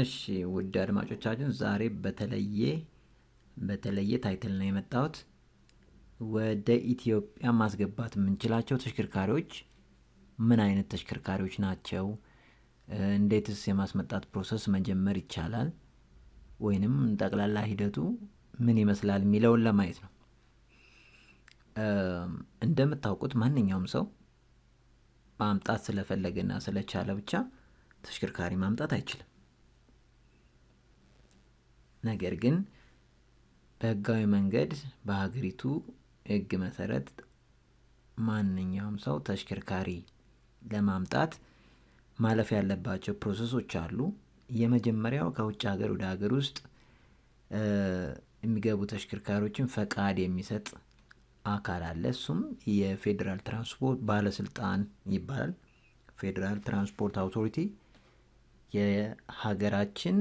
እሺ ውድ አድማጮቻችን ዛሬ በተለየ በተለየ ታይትል ነው የመጣሁት። ወደ ኢትዮጵያ ማስገባት የምንችላቸው ተሽከርካሪዎች ምን አይነት ተሽከርካሪዎች ናቸው? እንዴትስ የማስመጣት ፕሮሰስ መጀመር ይቻላል? ወይንም ጠቅላላ ሂደቱ ምን ይመስላል የሚለውን ለማየት ነው። እንደምታውቁት ማንኛውም ሰው ማምጣት ስለፈለገና ስለቻለ ብቻ ተሽከርካሪ ማምጣት አይችልም። ነገር ግን በህጋዊ መንገድ በሀገሪቱ ህግ መሰረት ማንኛውም ሰው ተሽከርካሪ ለማምጣት ማለፍ ያለባቸው ፕሮሰሶች አሉ። የመጀመሪያው ከውጭ ሀገር ወደ ሀገር ውስጥ የሚገቡ ተሽከርካሪዎችን ፈቃድ የሚሰጥ አካል አለ። እሱም የፌዴራል ትራንስፖርት ባለስልጣን ይባላል። ፌዴራል ትራንስፖርት አውቶሪቲ የሀገራችን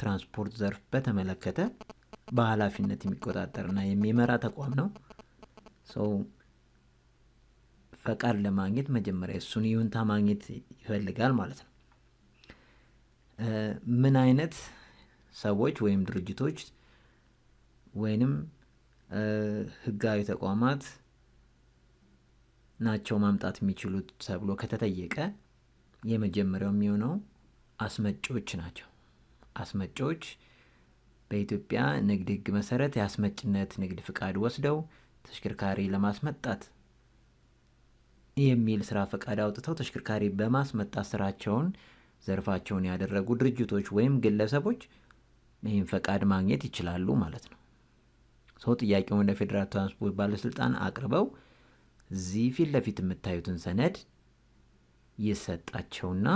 ትራንስፖርት ዘርፍ በተመለከተ በኃላፊነት የሚቆጣጠርና የሚመራ ተቋም ነው። ሰው ፈቃድ ለማግኘት መጀመሪያ እሱን ይሁንታ ማግኘት ይፈልጋል ማለት ነው። ምን አይነት ሰዎች ወይም ድርጅቶች ወይንም ህጋዊ ተቋማት ናቸው ማምጣት የሚችሉት ተብሎ ከተጠየቀ የመጀመሪያው የሚሆነው አስመጪዎች ናቸው። አስመጪዎች በኢትዮጵያ ንግድ ህግ መሰረት የአስመጭነት ንግድ ፍቃድ ወስደው ተሽከርካሪ ለማስመጣት የሚል ስራ ፈቃድ አውጥተው ተሽከርካሪ በማስመጣት ስራቸውን ዘርፋቸውን ያደረጉ ድርጅቶች ወይም ግለሰቦች ይህን ፈቃድ ማግኘት ይችላሉ ማለት ነው። ሰው ጥያቄውን ለፌዴራል ትራንስፖርት ባለስልጣን አቅርበው እዚህ ፊት ለፊት የምታዩትን ሰነድ ይሰጣቸውና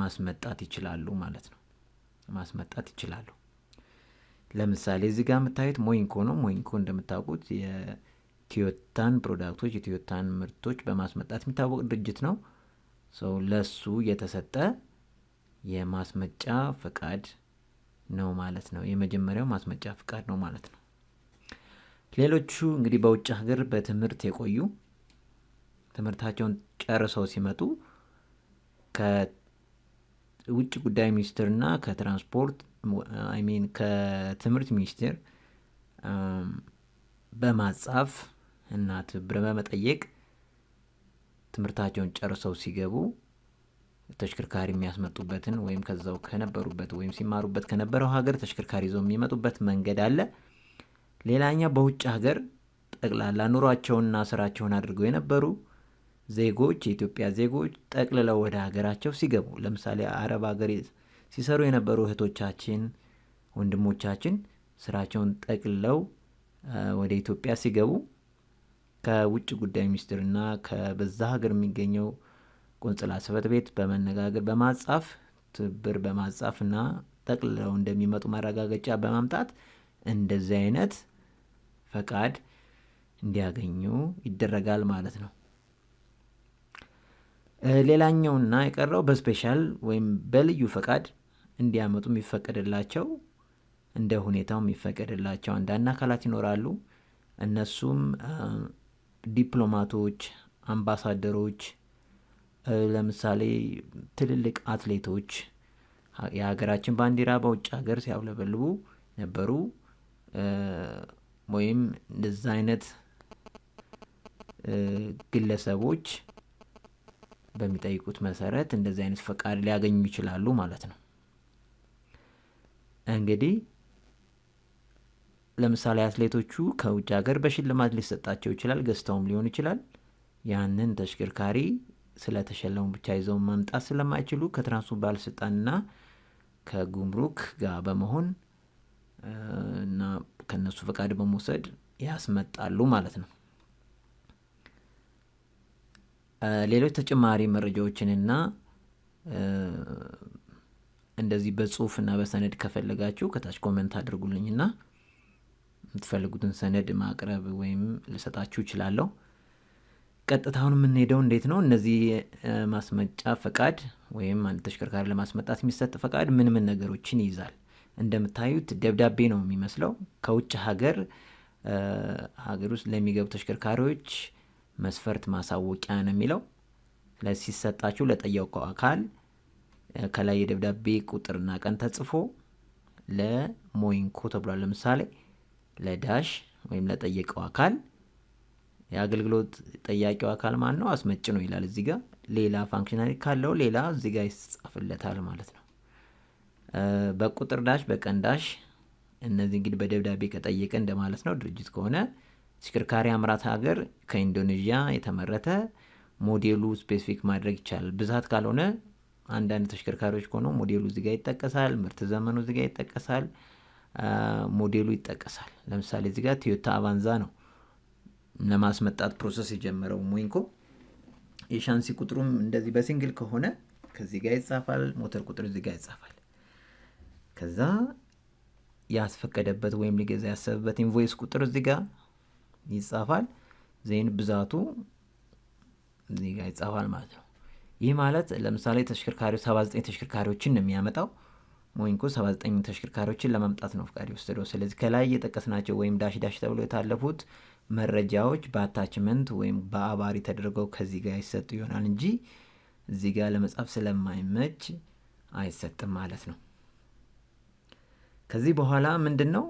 ማስመጣት ይችላሉ ማለት ነው። ማስመጣት ይችላሉ። ለምሳሌ እዚህ ጋር የምታዩት ሞይንኮ ነው። ሞይንኮ እንደምታውቁት የቶዮታን ፕሮዳክቶች የቶዮታን ምርቶች በማስመጣት የሚታወቅ ድርጅት ነው። ሰው ለሱ የተሰጠ የማስመጫ ፍቃድ ነው ማለት ነው። የመጀመሪያው ማስመጫ ፍቃድ ነው ማለት ነው። ሌሎቹ እንግዲህ በውጭ ሀገር በትምህርት የቆዩ ትምህርታቸውን ጨርሰው ሲመጡ ውጭ ጉዳይ ሚኒስትርና ከትራንስፖርት ሚን ከትምህርት ሚኒስቴር በማጻፍ እና ትብብር በመጠየቅ ትምህርታቸውን ጨርሰው ሲገቡ ተሽከርካሪ የሚያስመጡበትን ወይም ከዛው ከነበሩበት ወይም ሲማሩበት ከነበረው ሀገር ተሽከርካሪ ይዘው የሚመጡበት መንገድ አለ። ሌላኛ በውጭ ሀገር ጠቅላላ ኑሯቸውንና ስራቸውን አድርገው የነበሩ ዜጎች የኢትዮጵያ ዜጎች ጠቅልለው ወደ ሀገራቸው ሲገቡ ለምሳሌ አረብ ሀገር ሲሰሩ የነበሩ እህቶቻችን፣ ወንድሞቻችን ስራቸውን ጠቅልለው ወደ ኢትዮጵያ ሲገቡ ከውጭ ጉዳይ ሚኒስትርና ከበዛ ሀገር የሚገኘው ቆንጽላ ጽሕፈት ቤት በመነጋገር በማጻፍ ትብብር በማጻፍና ጠቅልለው እንደሚመጡ ማረጋገጫ በማምጣት እንደዚህ አይነት ፈቃድ እንዲያገኙ ይደረጋል ማለት ነው። ሌላኛውና የቀረው በስፔሻል ወይም በልዩ ፈቃድ እንዲያመጡ የሚፈቀድላቸው እንደ ሁኔታው የሚፈቀድላቸው አንዳንድ አካላት ይኖራሉ። እነሱም ዲፕሎማቶች፣ አምባሳደሮች፣ ለምሳሌ ትልልቅ አትሌቶች የሀገራችን ባንዲራ በውጭ ሀገር ሲያውለበልቡ ነበሩ ወይም እንደዛ አይነት ግለሰቦች በሚጠይቁት መሰረት እንደዚህ አይነት ፈቃድ ሊያገኙ ይችላሉ ማለት ነው። እንግዲህ ለምሳሌ አትሌቶቹ ከውጭ ሀገር በሽልማት ሊሰጣቸው ይችላል፣ ገዝተውም ሊሆን ይችላል። ያንን ተሽከርካሪ ስለተሸለሙ ብቻ ይዘው መምጣት ስለማይችሉ ከትራንስፖርት ባለስልጣንና ከጉምሩክ ጋር በመሆን እና ከነሱ ፈቃድ በመውሰድ ያስመጣሉ ማለት ነው። ሌሎች ተጨማሪ መረጃዎችንና እንደዚህ በጽሁፍ እና በሰነድ ከፈለጋችሁ ከታች ኮመንት አድርጉልኝና የምትፈልጉትን ሰነድ ማቅረብ ወይም ልሰጣችሁ እችላለሁ። ቀጥታውን የምንሄደው እንዴት ነው? እነዚህ ማስመጫ ፈቃድ ወይም አንድ ተሽከርካሪ ለማስመጣት የሚሰጥ ፈቃድ ምን ምን ነገሮችን ይይዛል? እንደምታዩት ደብዳቤ ነው የሚመስለው። ከውጭ ሀገር ሀገር ውስጥ ለሚገቡ ተሽከርካሪዎች መስፈርት ማሳወቂያ ነው የሚለው። ስለዚህ ሲሰጣችሁ ለጠየቀው አካል ከላይ የደብዳቤ ቁጥርና ቀን ተጽፎ ለሞይንኮ ተብሏል። ለምሳሌ ለዳሽ ወይም ለጠየቀው አካል የአገልግሎት ጠያቂው አካል ማን ነው? አስመጭ ነው ይላል። እዚህ ጋ ሌላ ፋንክሽናሊ ካለው ሌላ እዚህ ጋ ይጻፍለታል ማለት ነው። በቁጥር ዳሽ፣ በቀን ዳሽ እነዚህ እንግዲህ በደብዳቤ ከጠየቀ እንደማለት ነው ድርጅት ከሆነ ተሽከርካሪ አምራት ሀገር ከኢንዶኔዥያ የተመረተ ሞዴሉ ስፔሲፊክ ማድረግ ይቻላል። ብዛት ካልሆነ አንዳንድ ተሽከርካሪዎች ከሆነው ሞዴሉ እዚጋ ይጠቀሳል፣ ምርት ዘመኑ እዚጋ ይጠቀሳል፣ ሞዴሉ ይጠቀሳል። ለምሳሌ እዚጋ ቶዮታ አቫንዛ ነው ለማስመጣት ፕሮሰስ የጀመረው ሞይንኮ። የሻንሲ ቁጥሩም እንደዚህ በሲንግል ከሆነ ከዚህ ጋር ይጻፋል፣ ሞተር ቁጥር እዚህ ጋር ይጻፋል። ከዛ ያስፈቀደበት ወይም ሊገዛ ያሰበበት ኢንቮይስ ቁጥር እዚህ ጋር ይጻፋል። ዜን ብዛቱ እዚህ ጋር ይጻፋል ማለት ነው። ይህ ማለት ለምሳሌ ተሽከርካሪው 79 ተሽከርካሪዎችን ነው የሚያመጣው። ሞይንኮ 79 ተሽከርካሪዎችን ለማምጣት ነው ፍቃድ የወሰደው። ስለዚህ ከላይ የጠቀስናቸው ወይም ዳሽ ዳሽ ተብሎ የታለፉት መረጃዎች በአታችመንት ወይም በአባሪ ተደርገው ከዚህ ጋር ይሰጡ ይሆናል እንጂ እዚህ ጋር ለመጻፍ ስለማይመች አይሰጥም ማለት ነው። ከዚህ በኋላ ምንድን ነው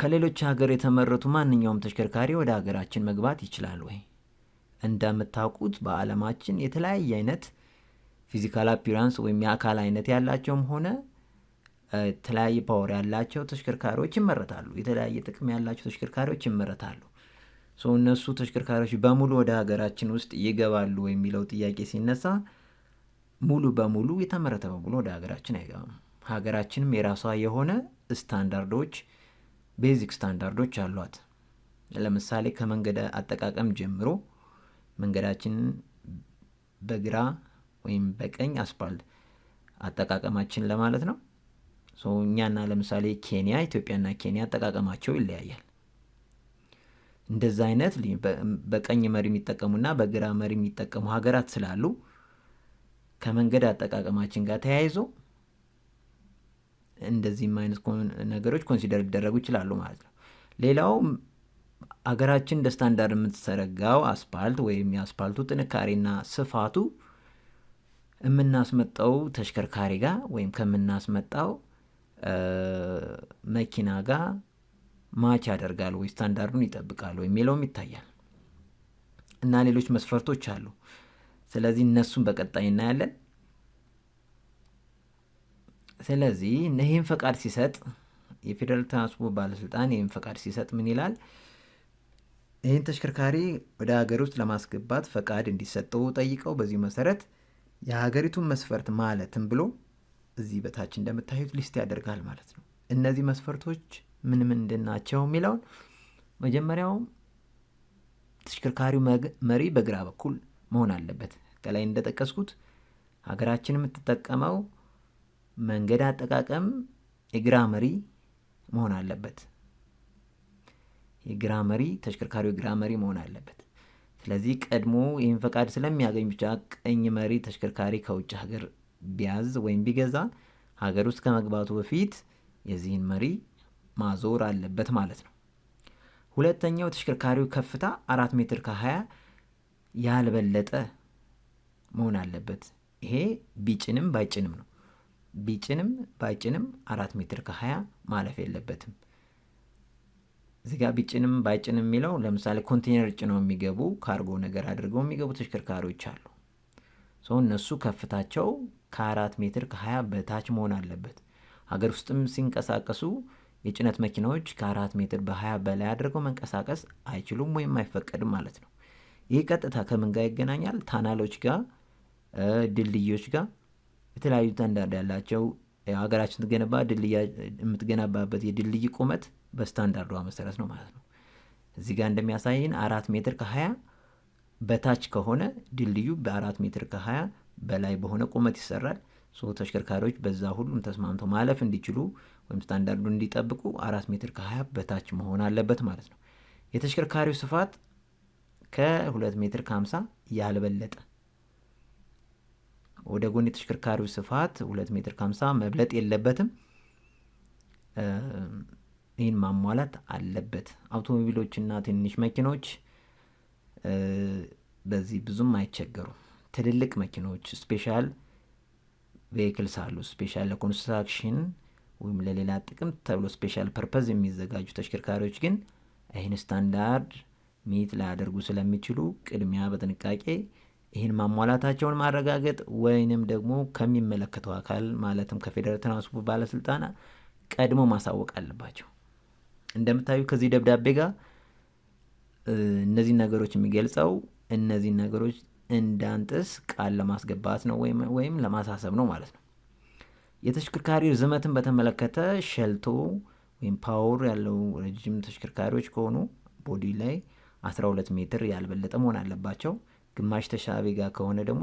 ከሌሎች ሀገር የተመረቱ ማንኛውም ተሽከርካሪ ወደ ሀገራችን መግባት ይችላል ወይ? እንደምታውቁት በዓለማችን የተለያየ አይነት ፊዚካል አፒራንስ ወይም የአካል አይነት ያላቸውም ሆነ የተለያየ ፓወር ያላቸው ተሽከርካሪዎች ይመረታሉ። የተለያየ ጥቅም ያላቸው ተሽከርካሪዎች ይመረታሉ። ሰው እነሱ ተሽከርካሪዎች በሙሉ ወደ ሀገራችን ውስጥ ይገባሉ የሚለው ጥያቄ ሲነሳ ሙሉ በሙሉ የተመረተ በሙሉ ወደ ሀገራችን አይገባም። ሀገራችንም የራሷ የሆነ ስታንዳርዶች ቤዚክ ስታንዳርዶች አሏት። ለምሳሌ ከመንገድ አጠቃቀም ጀምሮ መንገዳችንን በግራ ወይም በቀኝ አስፓልት አጠቃቀማችን ለማለት ነው። እኛና ለምሳሌ ኬንያ ኢትዮጵያና ኬንያ አጠቃቀማቸው ይለያያል። እንደዛ አይነት በቀኝ መሪ የሚጠቀሙና በግራ መሪ የሚጠቀሙ ሀገራት ስላሉ ከመንገድ አጠቃቀማችን ጋር ተያይዞ እንደዚህም አይነት ነገሮች ኮንሲደር ሊደረጉ ይችላሉ ማለት ነው። ሌላው አገራችን እንደ ስታንዳርድ የምትዘረጋው አስፓልት ወይም የአስፓልቱ ጥንካሬና ስፋቱ የምናስመጣው ተሽከርካሪ ጋር ወይም ከምናስመጣው መኪና ጋር ማች ያደርጋል ወይ ስታንዳርዱን ይጠብቃል ወይ የሚለውም ይታያል እና ሌሎች መስፈርቶች አሉ። ስለዚህ እነሱን በቀጣይ እናያለን። ስለዚህ ይህም ፈቃድ ሲሰጥ የፌዴራል ትራንስፖርት ባለስልጣን ይህን ፈቃድ ሲሰጥ ምን ይላል? ይህን ተሽከርካሪ ወደ ሀገር ውስጥ ለማስገባት ፈቃድ እንዲሰጠው ጠይቀው፣ በዚህ መሰረት የሀገሪቱን መስፈርት ማለትም ብሎ እዚህ በታች እንደምታዩት ሊስት ያደርጋል ማለት ነው። እነዚህ መስፈርቶች ምን ምንድን ናቸው የሚለውን መጀመሪያው ተሽከርካሪው መሪ በግራ በኩል መሆን አለበት። ከላይ እንደጠቀስኩት ሀገራችን የምትጠቀመው መንገድ አጠቃቀም የግራ መሪ መሆን አለበት። የግራ መሪ ተሽከርካሪው የግራ መሪ መሆን አለበት። ስለዚህ ቀድሞ ይህን ፈቃድ ስለሚያገኝ ብቻ ቀኝ መሪ ተሽከርካሪ ከውጭ ሀገር ቢያዝ ወይም ቢገዛ ሀገር ውስጥ ከመግባቱ በፊት የዚህን መሪ ማዞር አለበት ማለት ነው። ሁለተኛው ተሽከርካሪው ከፍታ አራት ሜትር ከሀያ ያልበለጠ መሆን አለበት። ይሄ ቢጭንም ባይጭንም ነው። ቢጭንም ባይጭንም አራት ሜትር ከሀያ ማለፍ የለበትም። እዚህ ቢጭንም ባይጭንም የሚለው ለምሳሌ ኮንቴነር ጭነው የሚገቡ ካርጎ ነገር አድርገው የሚገቡ ተሽከርካሪዎች አሉ። ሰው እነሱ ከፍታቸው ከአራት ሜትር ከሀያ በታች መሆን አለበት። ሀገር ውስጥም ሲንቀሳቀሱ የጭነት መኪናዎች ከአራት ሜትር በሀያ በላይ አድርገው መንቀሳቀስ አይችሉም ወይም አይፈቀድም ማለት ነው። ይህ ቀጥታ ከምን ጋር ይገናኛል? ታናሎች ጋር፣ ድልድዮች ጋር የተለያዩ ስታንዳርድ ያላቸው ሀገራችን ትገነባ የምትገነባበት የድልድይ ቁመት በስታንዳርዷ መሰረት ነው ማለት ነው። እዚህ ጋር እንደሚያሳይን አራት ሜትር ከሀያ በታች ከሆነ ድልድዩ በአራት ሜትር ከሀያ በላይ በሆነ ቁመት ይሰራል። ሶ ተሽከርካሪዎች በዛ ሁሉም ተስማምተው ማለፍ እንዲችሉ ወይም ስታንዳርዱ እንዲጠብቁ አራት ሜትር ከሀያ በታች መሆን አለበት ማለት ነው። የተሽከርካሪው ስፋት ከሁለት ሜትር ከሀምሳ ያልበለጠ ወደ ጎን የተሽከርካሪው ስፋት ሁለት ሜትር ከሀምሳ መብለጥ የለበትም። ይህን ማሟላት አለበት። አውቶሞቢሎችና ትንሽ መኪኖች በዚህ ብዙም አይቸገሩም። ትልልቅ መኪኖች ስፔሻል ቬይክልስ አሉ። ስፔሻል ለኮንስትራክሽን ወይም ለሌላ ጥቅም ተብሎ ስፔሻል ፐርፐዝ የሚዘጋጁ ተሽከርካሪዎች ግን ይህን ስታንዳርድ ሚት ላያደርጉ ስለሚችሉ ቅድሚያ በጥንቃቄ ይህን ማሟላታቸውን ማረጋገጥ ወይንም ደግሞ ከሚመለከተው አካል ማለትም ከፌዴራል ትራንስፖርት ባለስልጣናት ቀድሞ ማሳወቅ አለባቸው። እንደምታዩ ከዚህ ደብዳቤ ጋር እነዚህን ነገሮች የሚገልጸው እነዚህ ነገሮች እንዳንጥስ ቃል ለማስገባት ነው ወይም ለማሳሰብ ነው ማለት ነው። የተሽከርካሪ ርዝመትን በተመለከተ ሸልቶ ወይም ፓወር ያለው ረጅም ተሽከርካሪዎች ከሆኑ ቦዲ ላይ 12 ሜትር ያልበለጠ መሆን አለባቸው። ግማሽ ተሳቢ ጋር ከሆነ ደግሞ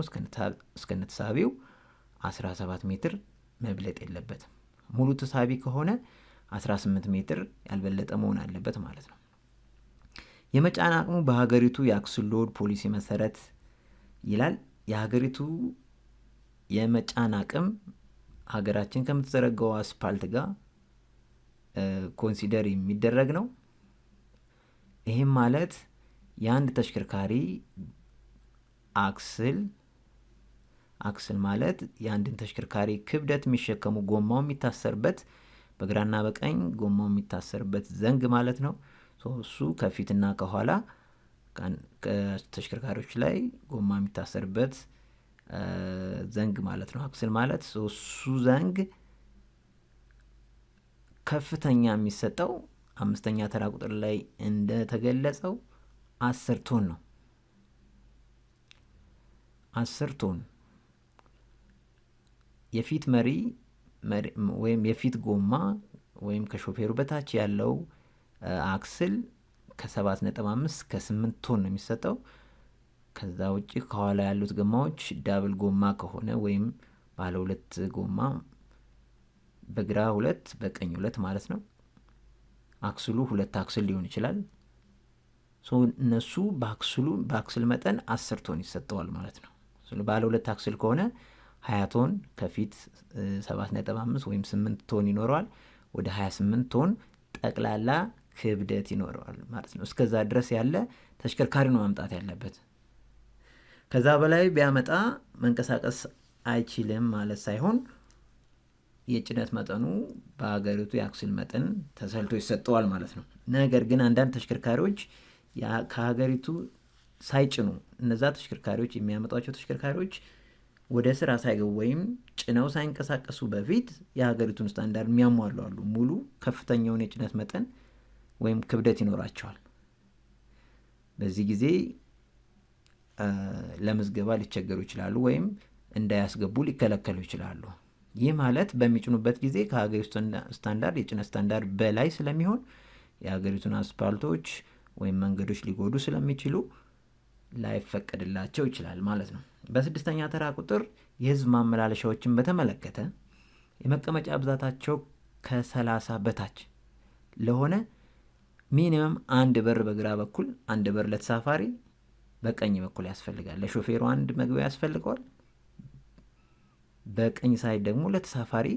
እስከነ ተሳቢው 17 ሜትር መብለጥ የለበትም። ሙሉ ተሳቢ ከሆነ 18 ሜትር ያልበለጠ መሆን አለበት ማለት ነው። የመጫን አቅሙ በሀገሪቱ የአክሱም ሎድ ፖሊሲ መሰረት ይላል። የሀገሪቱ የመጫን አቅም ሀገራችን ከምትዘረጋው አስፓልት ጋር ኮንሲደር የሚደረግ ነው። ይህም ማለት የአንድ ተሽከርካሪ አክስል አክስል ማለት የአንድን ተሽከርካሪ ክብደት የሚሸከሙ ጎማው የሚታሰርበት በግራና በቀኝ ጎማው የሚታሰርበት ዘንግ ማለት ነው። እሱ ከፊትና ከኋላ ተሽከርካሪዎች ላይ ጎማ የሚታሰርበት ዘንግ ማለት ነው። አክስል ማለት እሱ ዘንግ ከፍተኛ የሚሰጠው አምስተኛ ተራ ቁጥር ላይ እንደተገለጸው አስር ቶን ነው። አስርቱን የፊት መሪ ወይም የፊት ጎማ ወይም ከሾፌሩ በታች ያለው አክስል ከ7.5 እስከ 8 ቶን ነው የሚሰጠው። ከዛ ውጭ ከኋላ ያሉት ጎማዎች ዳብል ጎማ ከሆነ ወይም ባለ ሁለት ጎማ በግራ ሁለት በቀኝ ሁለት ማለት ነው። አክስሉ ሁለት አክስል ሊሆን ይችላል። እነሱ በአክስሉ በአክስል መጠን አስር ቶን ይሰጠዋል ማለት ነው። ባለ ሁለት አክስል ከሆነ ሀያ ቶን ከፊት ሰባት ነጥብ አምስት ወይም ስምንት ቶን ይኖረዋል። ወደ ሀያ ስምንት ቶን ጠቅላላ ክብደት ይኖረዋል ማለት ነው። እስከዛ ድረስ ያለ ተሽከርካሪ ነው ማምጣት ያለበት። ከዛ በላይ ቢያመጣ መንቀሳቀስ አይችልም ማለት ሳይሆን የጭነት መጠኑ በሀገሪቱ የአክስል መጠን ተሰልቶ ይሰጠዋል ማለት ነው። ነገር ግን አንዳንድ ተሽከርካሪዎች ከሀገሪቱ ሳይጭኑ እነዛ ተሽከርካሪዎች የሚያመጧቸው ተሽከርካሪዎች ወደ ስራ ሳይገቡ ወይም ጭነው ሳይንቀሳቀሱ በፊት የሀገሪቱን ስታንዳርድ የሚያሟሉ አሉ። ሙሉ ከፍተኛውን የጭነት መጠን ወይም ክብደት ይኖራቸዋል። በዚህ ጊዜ ለምዝገባ ሊቸገሩ ይችላሉ ወይም እንዳያስገቡ ሊከለከሉ ይችላሉ። ይህ ማለት በሚጭኑበት ጊዜ ከሀገሪቱ ስታንዳርድ የጭነት ስታንዳርድ በላይ ስለሚሆን የሀገሪቱን አስፓልቶች ወይም መንገዶች ሊጎዱ ስለሚችሉ ላይፈቀድላቸው ይችላል ማለት ነው። በስድስተኛ ተራ ቁጥር የህዝብ ማመላለሻዎችን በተመለከተ የመቀመጫ ብዛታቸው ከሰላሳ በታች ለሆነ ሚኒመም አንድ በር በግራ በኩል አንድ በር ለተሳፋሪ በቀኝ በኩል ያስፈልጋል። ለሾፌሩ አንድ መግቢያ ያስፈልገዋል። በቀኝ ሳይድ ደግሞ ለተሳፋሪ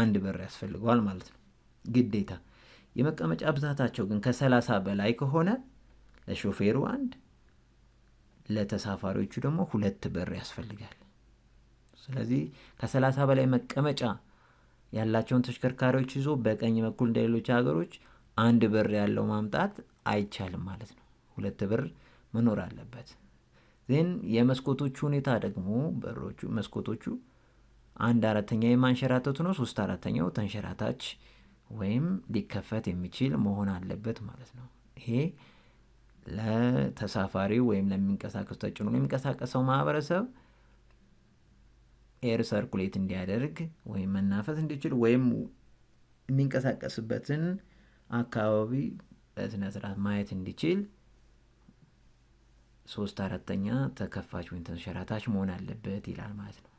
አንድ በር ያስፈልገዋል ማለት ነው ግዴታ። የመቀመጫ ብዛታቸው ግን ከሰላሳ በላይ ከሆነ ለሾፌሩ አንድ ለተሳፋሪዎቹ ደግሞ ሁለት በር ያስፈልጋል። ስለዚህ ከሰላሳ በላይ መቀመጫ ያላቸውን ተሽከርካሪዎች ይዞ በቀኝ በኩል እንደ ሌሎች ሀገሮች አንድ በር ያለው ማምጣት አይቻልም ማለት ነው። ሁለት በር መኖር አለበት። ዜን የመስኮቶቹ ሁኔታ ደግሞ በሮቹ መስኮቶቹ አንድ አራተኛ የማንሸራተቱ ነው። ሶስት አራተኛው ተንሸራታች ወይም ሊከፈት የሚችል መሆን አለበት ማለት ነው ይሄ ለተሳፋሪው ወይም ለሚንቀሳቀሱ ተጭኖ የሚንቀሳቀሰው ማህበረሰብ ኤር ሰርኩሌት እንዲያደርግ ወይም መናፈስ እንዲችል ወይም የሚንቀሳቀስበትን አካባቢ በስነ ስርዓት ማየት እንዲችል ሶስት አራተኛ ተከፋች ወይም ተንሸራታች መሆን አለበት ይላል ማለት ነው።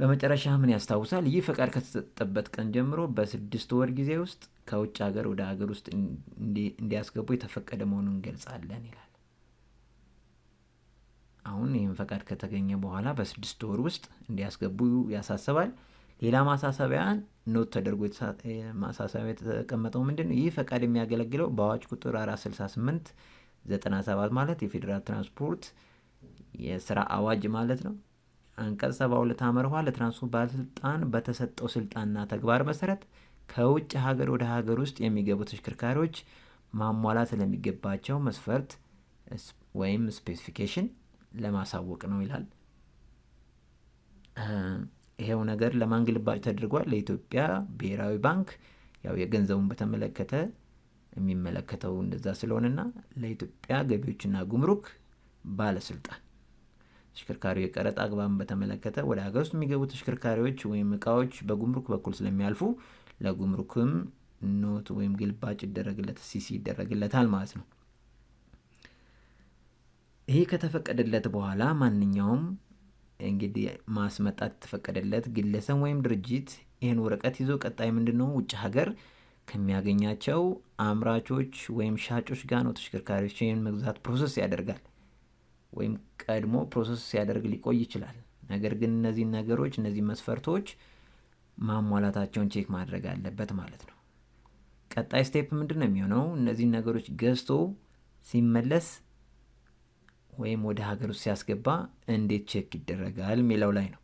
በመጨረሻ ምን ያስታውሳል? ይህ ፈቃድ ከተሰጠበት ቀን ጀምሮ በስድስት ወር ጊዜ ውስጥ ከውጭ ሀገር ወደ ሀገር ውስጥ እንዲያስገቡ የተፈቀደ መሆኑን እንገልጻለን ይላል። አሁን ይህም ፈቃድ ከተገኘ በኋላ በስድስት ወር ውስጥ እንዲያስገቡ ያሳስባል። ሌላ ማሳሰቢያ ኖት ተደርጎ ማሳሰቢያ የተቀመጠው ምንድን ነው? ይህ ፈቃድ የሚያገለግለው በአዋጅ ቁጥር 468 97 ማለት የፌዴራል ትራንስፖርት የስራ አዋጅ ማለት ነው አንቀጽ 72 አመርኋ ለትራንስፖርት ባለስልጣን በተሰጠው ስልጣንና ተግባር መሰረት ከውጭ ሀገር ወደ ሀገር ውስጥ የሚገቡ ተሽከርካሪዎች ማሟላት ስለሚገባቸው መስፈርት ወይም ስፔሲፊኬሽን ለማሳወቅ ነው ይላል። ይሄው ነገር ለማን ግልባጭ ተደርጓል? ለኢትዮጵያ ብሔራዊ ባንክ። ያው የገንዘቡን በተመለከተ የሚመለከተው እንደዛ ስለሆነና ለኢትዮጵያ ገቢዎችና ጉምሩክ ባለስልጣን ተሽከርካሪ የቀረጥ አግባብን በተመለከተ ወደ ሀገር ውስጥ የሚገቡ ተሽከርካሪዎች ወይም እቃዎች በጉምሩክ በኩል ስለሚያልፉ ለጉምሩክም ኖት ወይም ግልባጭ ይደረግለት ሲሲ ይደረግለታል ማለት ነው። ይሄ ከተፈቀደለት በኋላ ማንኛውም እንግዲህ ማስመጣት የተፈቀደለት ግለሰብ ወይም ድርጅት ይህን ወረቀት ይዞ ቀጣይ ምንድን ነው ውጭ ሀገር ከሚያገኛቸው አምራቾች ወይም ሻጮች ጋር ነው ተሽከርካሪዎችን መግዛት ፕሮሰስ ያደርጋል። ወይም ቀድሞ ፕሮሰስ ሲያደርግ ሊቆይ ይችላል። ነገር ግን እነዚህን ነገሮች እነዚህ መስፈርቶች ማሟላታቸውን ቼክ ማድረግ አለበት ማለት ነው። ቀጣይ ስቴፕ ምንድን ነው የሚሆነው? እነዚህን ነገሮች ገዝቶ ሲመለስ ወይም ወደ ሀገር ውስጥ ሲያስገባ እንዴት ቼክ ይደረጋል የሚለው ላይ ነው።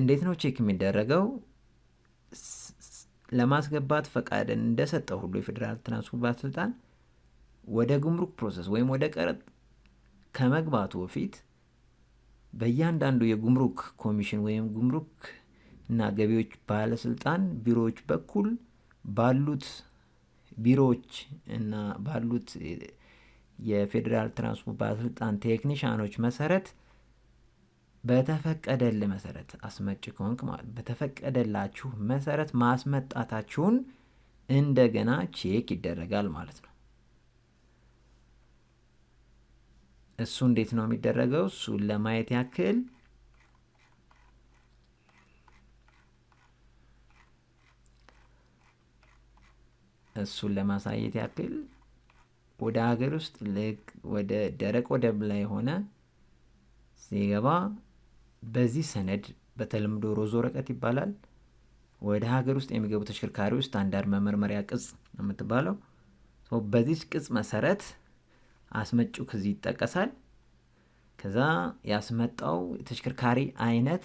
እንዴት ነው ቼክ የሚደረገው? ለማስገባት ፈቃድን እንደሰጠ ሁሉ የፌዴራል ትራንስፖርት ባለስልጣን ወደ ጉምሩክ ፕሮሰስ ወይም ወደ ቀረጥ ከመግባቱ በፊት በእያንዳንዱ የጉምሩክ ኮሚሽን ወይም ጉምሩክ እና ገቢዎች ባለስልጣን ቢሮዎች በኩል ባሉት ቢሮዎች እና ባሉት የፌዴራል ትራንስፖርት ባለስልጣን ቴክኒሽያኖች መሰረት በተፈቀደል መሰረት አስመጭ ከሆንክ ማለት በተፈቀደላችሁ መሰረት ማስመጣታችሁን እንደገና ቼክ ይደረጋል ማለት ነው። እሱ እንዴት ነው የሚደረገው? እሱን ለማየት ያክል እሱን ለማሳየት ያክል ወደ ሀገር ውስጥ ልክ ወደ ደረቅ ወደብ ላይ ሆነ ሲገባ በዚህ ሰነድ በተለምዶ ሮዞ ወረቀት ይባላል። ወደ ሀገር ውስጥ የሚገቡ ተሽከርካሪዎች ስታንዳርድ መመርመሪያ ቅጽ ነው የምትባለው። በዚህ ቅጽ መሰረት አስመጩ ከዚህ ይጠቀሳል። ከዛ ያስመጣው የተሽከርካሪ አይነት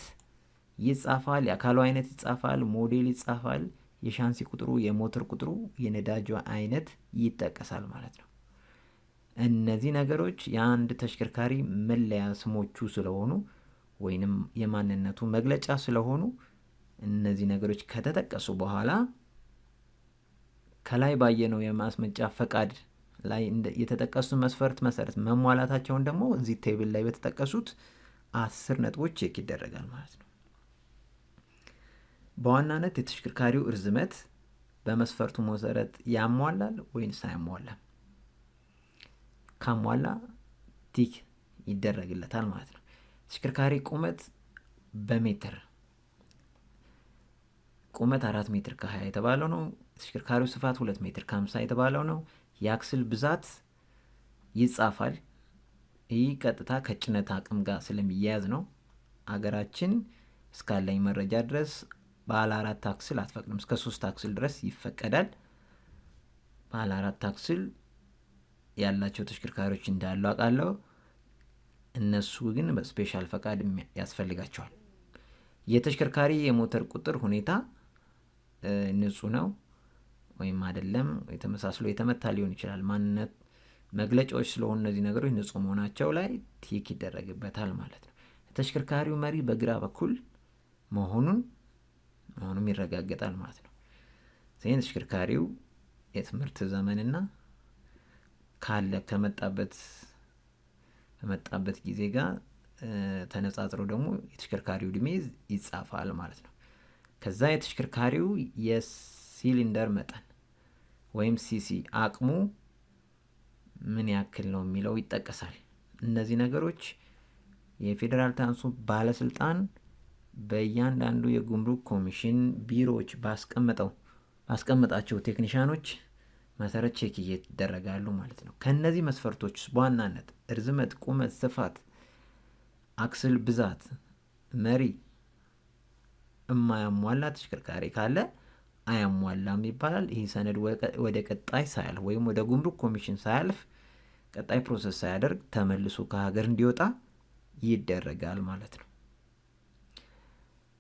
ይጻፋል፣ የአካሉ አይነት ይጻፋል፣ ሞዴል ይጻፋል፣ የሻንሲ ቁጥሩ፣ የሞተር ቁጥሩ፣ የነዳጅ አይነት ይጠቀሳል ማለት ነው። እነዚህ ነገሮች የአንድ ተሽከርካሪ መለያ ስሞቹ ስለሆኑ ወይንም የማንነቱ መግለጫ ስለሆኑ እነዚህ ነገሮች ከተጠቀሱ በኋላ ከላይ ባየነው የማስመጫ ፈቃድ ላይ የተጠቀሱ መስፈርት መሰረት መሟላታቸውን ደግሞ እዚህ ቴብል ላይ በተጠቀሱት አስር ነጥቦች ቼክ ይደረጋል ማለት ነው። በዋናነት የተሽከርካሪው እርዝመት በመስፈርቱ መሰረት ያሟላል ወይንስ አያሟላም? ካሟላ ቲክ ይደረግለታል ማለት ነው። ተሽከርካሪ ቁመት በሜትር ቁመት አራት ሜትር ከሀያ የተባለው ነው። ተሽከርካሪው ስፋት ሁለት ሜትር ከሀምሳ የተባለው ነው። የአክስል ብዛት ይጻፋል። ይህ ቀጥታ ከጭነት አቅም ጋር ስለሚያያዝ ነው። አገራችን እስካለኝ መረጃ ድረስ ባለ አራት አክስል አትፈቅድም። እስከ ሶስት አክስል ድረስ ይፈቀዳል። ባለ አራት አክስል ያላቸው ተሽከርካሪዎች እንዳሉ አውቃለሁ። እነሱ ግን በስፔሻል ፈቃድ ያስፈልጋቸዋል። የተሽከርካሪ የሞተር ቁጥር ሁኔታ ንጹህ ነው። ወይም አይደለም ተመሳስሎ የተመታ ሊሆን ይችላል። ማንነት መግለጫዎች ስለሆኑ እነዚህ ነገሮች ንጹህ መሆናቸው ላይ ቲክ ይደረግበታል ማለት ነው። ተሽከርካሪው መሪ በግራ በኩል መሆኑን መሆኑም ይረጋገጣል ማለት ነው። ይህን ተሽከርካሪው የትምህርት ዘመንና ካለ ከመጣበት ከመጣበት ጊዜ ጋር ተነጻጽሮ ደግሞ የተሽከርካሪው እድሜ ይጻፋል ማለት ነው። ከዛ የተሽከርካሪው የስ ሲሊንደር መጠን ወይም ሲሲ አቅሙ ምን ያክል ነው የሚለው ይጠቀሳል። እነዚህ ነገሮች የፌዴራል ታንሱ ባለስልጣን በእያንዳንዱ የጉምሩክ ኮሚሽን ቢሮዎች ባስቀመጠው ባስቀመጣቸው ቴክኒሽያኖች መሰረት ቼክ ይደረጋሉ ማለት ነው። ከእነዚህ መስፈርቶች ውስጥ በዋናነት እርዝመት፣ ቁመት፣ ስፋት፣ አክስል ብዛት መሪ እማያሟላ ተሽከርካሪ ካለ አያሟላም ይባላል። ይህ ሰነድ ወደ ቀጣይ ሳያልፍ ወይም ወደ ጉምሩክ ኮሚሽን ሳያልፍ ቀጣይ ፕሮሰስ ሳያደርግ ተመልሶ ከሀገር እንዲወጣ ይደረጋል ማለት ነው።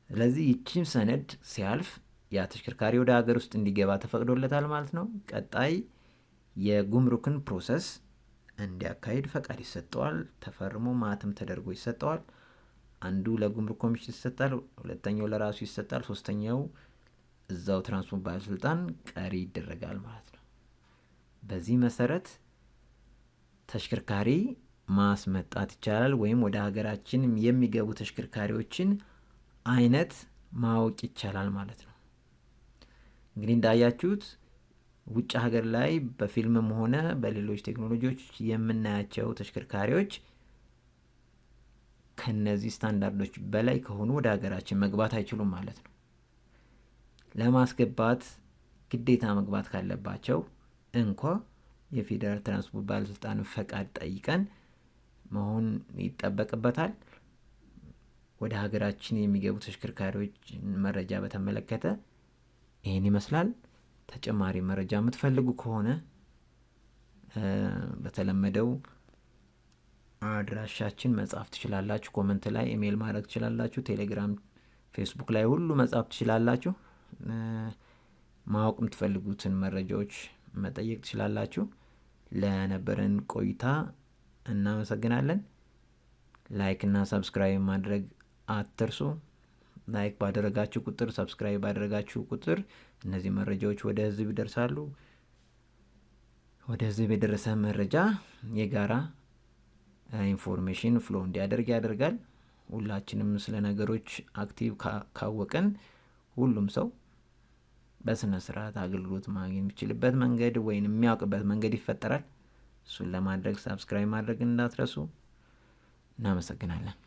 ስለዚህ ይቺም ሰነድ ሲያልፍ ያ ተሽከርካሪ ወደ ሀገር ውስጥ እንዲገባ ተፈቅዶለታል ማለት ነው። ቀጣይ የጉምሩክን ፕሮሰስ እንዲያካሂድ ፈቃድ ይሰጠዋል። ተፈርሞ ማህተም ተደርጎ ይሰጠዋል። አንዱ ለጉምሩክ ኮሚሽን ይሰጣል፣ ሁለተኛው ለራሱ ይሰጣል፣ ሶስተኛው እዛው ትራንስፖርት ባለስልጣን ቀሪ ይደረጋል ማለት ነው። በዚህ መሰረት ተሽከርካሪ ማስመጣት ይቻላል ወይም ወደ ሀገራችን የሚገቡ ተሽከርካሪዎችን አይነት ማወቅ ይቻላል ማለት ነው። እንግዲህ እንዳያችሁት ውጭ ሀገር ላይ በፊልምም ሆነ በሌሎች ቴክኖሎጂዎች የምናያቸው ተሽከርካሪዎች ከነዚህ ስታንዳርዶች በላይ ከሆኑ ወደ ሀገራችን መግባት አይችሉም ማለት ነው። ለማስገባት ግዴታ መግባት ካለባቸው እንኳ የፌዴራል ትራንስፖርት ባለስልጣን ፈቃድ ጠይቀን መሆን ይጠበቅበታል። ወደ ሀገራችን የሚገቡ ተሽከርካሪዎች መረጃ በተመለከተ ይህን ይመስላል። ተጨማሪ መረጃ የምትፈልጉ ከሆነ በተለመደው አድራሻችን መጻፍ ትችላላችሁ። ኮመንት ላይ ኢሜይል ማድረግ ትችላላችሁ። ቴሌግራም፣ ፌስቡክ ላይ ሁሉ መጻፍ ትችላላችሁ። ማወቅ የምትፈልጉትን መረጃዎች መጠየቅ ትችላላችሁ። ለነበረን ቆይታ እናመሰግናለን። ላይክ እና ሰብስክራይብ ማድረግ አትርሱ። ላይክ ባደረጋችሁ ቁጥር፣ ሰብስክራይብ ባደረጋችሁ ቁጥር እነዚህ መረጃዎች ወደ ህዝብ ይደርሳሉ። ወደ ህዝብ የደረሰ መረጃ የጋራ ኢንፎርሜሽን ፍሎ እንዲያደርግ ያደርጋል። ሁላችንም ስለ ነገሮች አክቲቭ ካወቀን ሁሉም ሰው በስነ ስርዓት አገልግሎት ማግኘት የሚችልበት መንገድ ወይም የሚያውቅበት መንገድ ይፈጠራል። እሱን ለማድረግ ሳብስክራይብ ማድረግ እንዳትረሱ። እናመሰግናለን።